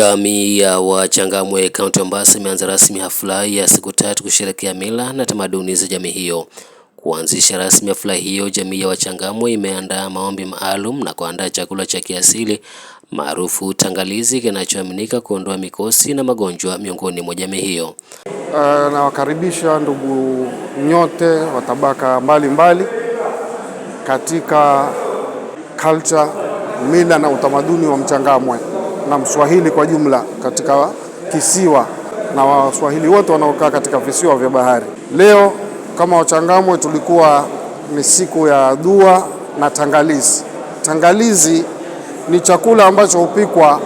Jamii ya Wachangamwe kaunti ya Mombasa imeanza rasmi hafla ya siku tatu kusherekea mila na tamaduni za jamii hiyo. Kuanzisha rasmi hafla hiyo, jamii ya Wachangamwe imeandaa maombi maalum na kuandaa chakula cha kiasili maarufu tangalizi, kinachoaminika kuondoa mikosi na magonjwa miongoni mwa jamii hiyo. Uh, nawakaribisha ndugu nyote wa tabaka mbalimbali katika culture, mila na utamaduni wa Mchangamwe na Mswahili kwa jumla katika kisiwa na Waswahili wote wanaokaa katika visiwa vya bahari. Leo kama Wachangamwe tulikuwa ni siku ya dua na tangalizi. Tangalizi ni chakula ambacho hupikwa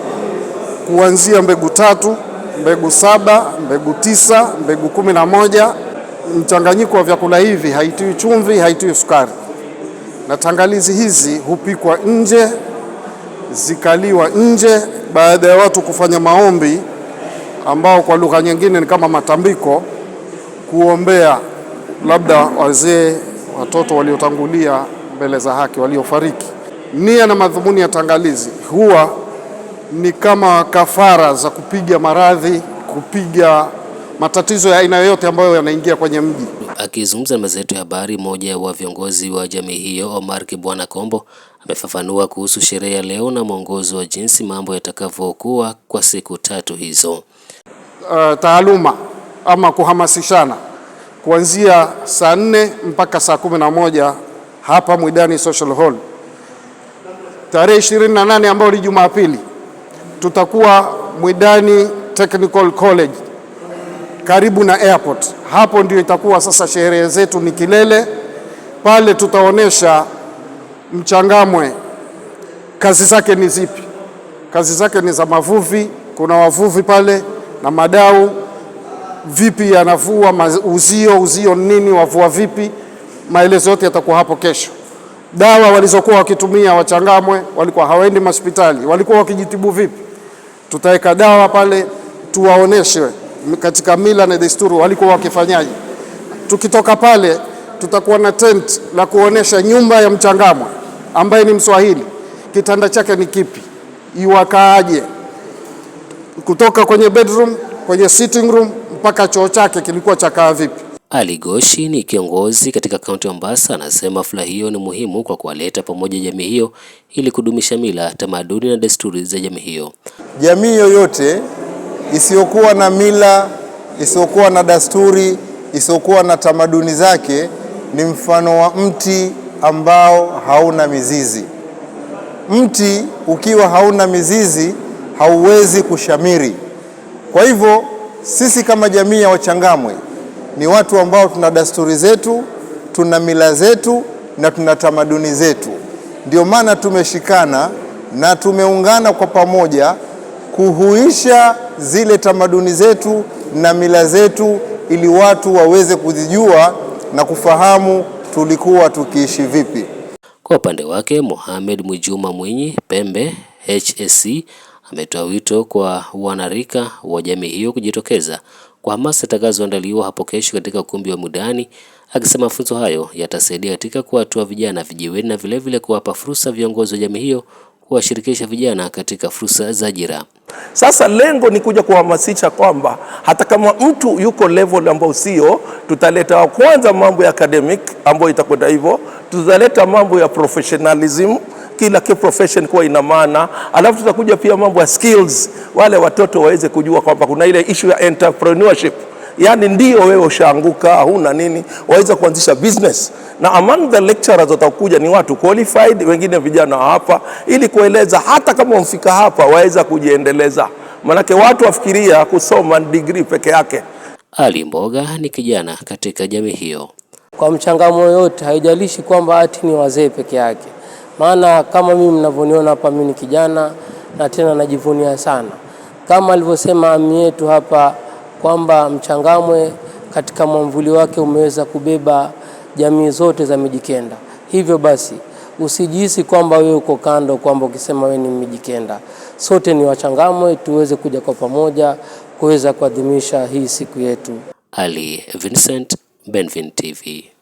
kuanzia mbegu tatu, mbegu saba, mbegu tisa, mbegu kumi na moja. Mchanganyiko wa vyakula hivi haitiwi chumvi, haitiwi sukari, na tangalizi hizi hupikwa nje zikaliwa nje baada ya watu kufanya maombi ambao kwa lugha nyingine ni kama matambiko, kuombea labda wazee, watoto waliotangulia mbele za haki, waliofariki. Nia na madhumuni ya tangalizi huwa ni kama kafara za kupiga maradhi, kupiga matatizo ya aina yoyote ambayo yanaingia kwenye mji. Akizungumza na mazetu ya habari, mmoja wa viongozi wa jamii hiyo Omar Kibwana Kombo amefafanua kuhusu sherehe ya leo na mwongozo wa jinsi mambo yatakavyokuwa kwa siku tatu hizo. Uh, taaluma ama kuhamasishana kuanzia saa nne mpaka saa kumi na moja hapa Mwidani Social Hall. Tarehe 28 ambayo ni Jumapili, tutakuwa Mwidani Technical College karibu na airport. Hapo ndio itakuwa sasa sherehe zetu ni kilele pale, tutaonesha Mchangamwe kazi zake ni zipi. Kazi zake ni za mavuvi, kuna wavuvi pale na madau, vipi yanavua uzio, uzio nini, wavua vipi, maelezo yote yatakuwa hapo kesho. Dawa walizokuwa wakitumia Wachangamwe, walikuwa hawaendi hospitali, walikuwa wakijitibu vipi, tutaweka dawa pale tuwaoneshe katika mila na desturi walikuwa wakifanyaje. Tukitoka pale, tutakuwa na tent la kuonesha nyumba ya Mchangamwa ambaye ni Mswahili, kitanda chake ni kipi, iwakaaje, kutoka kwenye bedroom, kwenye sitting room mpaka choo chake kilikuwa chakaa vipi. Ali Goshi ni kiongozi katika kaunti ya Mombasa, anasema hafla hiyo ni muhimu kwa kuwaleta pamoja jamii hiyo ili kudumisha mila, tamaduni na desturi za jamii hiyo. Jamii yoyote isiyokuwa na mila, isiyokuwa na dasturi, isiyokuwa na tamaduni zake ni mfano wa mti ambao hauna mizizi. Mti ukiwa hauna mizizi hauwezi kushamiri. Kwa hivyo sisi kama jamii ya Wachangamwe ni watu ambao tuna dasturi zetu, tuna mila zetu na tuna tamaduni zetu. Ndio maana tumeshikana na tumeungana kwa pamoja kuhuisha zile tamaduni zetu na mila zetu, ili watu waweze kuzijua na kufahamu tulikuwa tukiishi vipi. Kwa upande wake, Mohamed Mwijuma Mwinyi Pembe HSC ametoa wito kwa wanarika wa jamii hiyo kujitokeza kwa hamasa itakazoandaliwa hapo kesho katika ukumbi wa Mudani, akisema mafunzo hayo yatasaidia katika kuwatua vijana vijiweni na vilevile kuwapa fursa viongozi wa jamii hiyo kuwashirikisha vijana katika fursa za ajira. Sasa lengo ni kuja kuhamasisha kwamba hata kama mtu yuko level ambayo sio, tutaleta kwanza mambo ya academic ambayo itakwenda hivyo, tutaleta mambo ya professionalism kila ke profession kuwa ina maana, alafu tutakuja pia mambo ya skills, wale watoto waweze kujua kwamba kuna ile issue ya entrepreneurship yani ndio wewe ushaanguka, huna nini, waweza kuanzisha business. Na among the lecturers watakuja ni watu qualified, wengine vijana hapa, ili kueleza hata kama wamfika hapa waweza kujiendeleza, manake watu wafikiria kusoma degree peke yake. Ali Mboga ni kijana katika jamii hiyo, kwa mchangamo yote, haijalishi kwamba ati ni wazee peke yake, maana kama mimi mnavyoniona hapa, mimi ni kijana na tena najivunia sana, kama alivyosema ami yetu hapa kwamba Mchangamwe katika mwamvuli wake umeweza kubeba jamii zote za Mijikenda. Hivyo basi usijihisi kwamba wewe uko kando, kwamba ukisema wewe ni Mijikenda, sote ni Wachangamwe, tuweze kuja kwa pamoja kuweza kuadhimisha hii siku yetu. Ali Vincent, Benvin TV.